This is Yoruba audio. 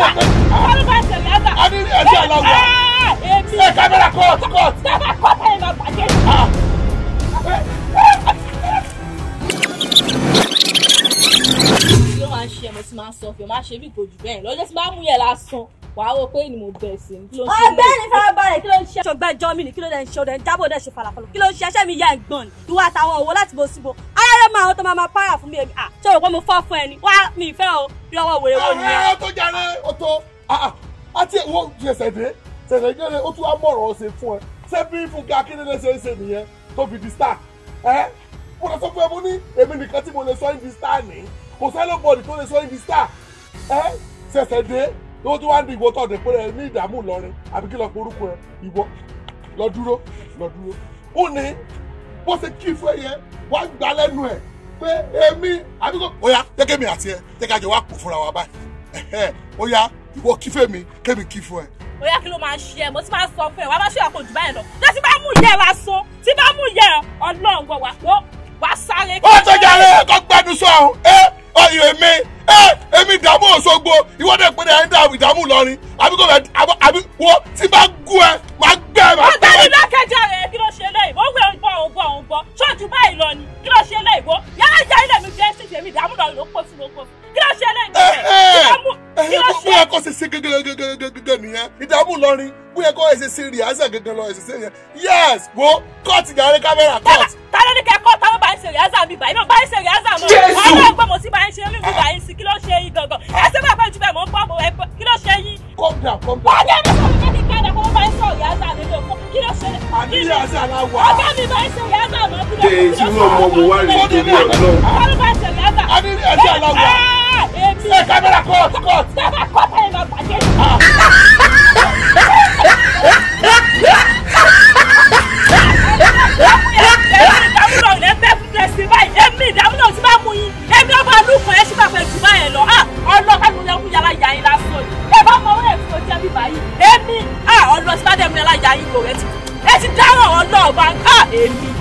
ọlọ́pàá ṣẹlẹ̀ a ní ẹjọ́ aláwọ̀. ẹ kámẹ́rà court court. sábà kọ́tà ìlọ bàjẹ́. ló ah. máa ń ṣe mo ti máa ń sọ fún ọ máa ṣe bí kò jù bẹ́ẹ̀ lọ́jọ́ tí bá mú yẹn lásán wàá wò pé ni mo bẹ̀ sí ni kí ló ń ṣe. ọ̀gbẹ́ni farabalẹ̀ kí ló ń ṣe. ṣọgbẹ́ jọ mi ni kí ló dẹ̀ ń ṣe ọ̀dẹ̀ ń jábọ̀ dẹ̀ ṣe falafalọ̀ kí ló ń ṣe ẹṣẹ́ mi yá ẹ̀gbọ́n ni ìwà àtàwọn òwò láti bo síbo máa ó tó máa máa pààyà fún mi èmi à ṣé o rò pé mo fọ́ fún ẹni wá mi ìfẹ́ o bí ọwọ́ wèrè wo ni. ẹ tó jàre o tó àti ìwọ ṣẹṣẹ dé ṣẹṣẹ dé o tún wá mọ̀rọ̀ ṣe fún ẹ ṣé bí Fúnkẹ́ Akíndélé ṣe ń ṣe nìyẹn tó fi di star ẹ mo lọ sọ fún ẹ mo ní èmi nìkan tí mo lè sọ ẹ́ di star ní kò sẹ́lẹ̀bọ̀dì tó lè sọ ẹ́ di star ẹ ṣẹṣẹ dé ló tún wá bó ṣe kí fún ẹyẹ wá gbà lẹ́nu ẹ̀ pé èmi àbí kò. ó yá gẹ́gẹ́ mi àti ẹ jẹ́ká jọ wá pò fúnra wa báyìí ó yá ìwọ kí fún mi kémi kí fún ẹ. ó yá kí ló máa ń ṣe ẹ mo ti máa ń sọ fún ẹ wàá bá ṣe àpòjù báyìí lọ tó ti bá mú ìyá ẹ lásán tí bá mú ìyá ẹ ọlọ́run wà wá sáré. ó tó jàre kó gbẹnusọ ọ̀hún ẹ ọyọ èmi èmi ìdààmú Òṣogbo ìwọ dẹ̀ pé ẹ̀ ń dààmú ìdààmú lọ́rin àbí kò àbí wọ tí bá gún ẹ máa gbẹ ẹ máa gbẹ ẹ. ọgbẹ́ni rẹ kí ló ṣe lẹ́yìn wọ́n gbé òǹbọ̀ òǹbọ̀ òǹbọ̀ ṣọ́ọ̀tù báyìí lọ ni kí ló ṣe lẹ́yìn wọ́n yàrá ìjà ilẹ̀ mi jẹ́ sí tèmi ìdààmú lọ́rin ló pọ̀ ló pọ̀ kí ló ṣe lẹ́yìn bẹ́ẹ̀ eh, kí ló eh, eh, ṣe. bóyá kò ṣe ṣe gẹ́gẹ́gẹ́gẹ́gẹ́ nìyẹn ìdààmú bóyá kò ṣe ṣe rìhásà gẹ́gẹ́ lọ ṣe ṣe yẹn yẹ́s wo kọ́ọ̀tì yàrá kámẹ́rà kọ́ọ̀tì. tálẹ́ ní kẹ́kọ̀ọ́ táwọn bá ń ṣe rìhásà mi báyìí náà bá ń ṣe down come down. ọ̀gá mi sọ̀rọ̀ ní kíkẹ́ ẹ̀dá kó bá ń sọ ìyá àzá mi lóko kí ló ṣe. àbí ìyá àzá la wà. ọ̀gá mi bá ń sọ ìyá àzá mi lóko. ṣé etí inú ọmọ mo wá rí torí ẹ̀ náà. ọ̀gá la wà. ẹ kámẹ́rà kọ́ọ̀tù kọ́ọ̀tù. ọba ah èmi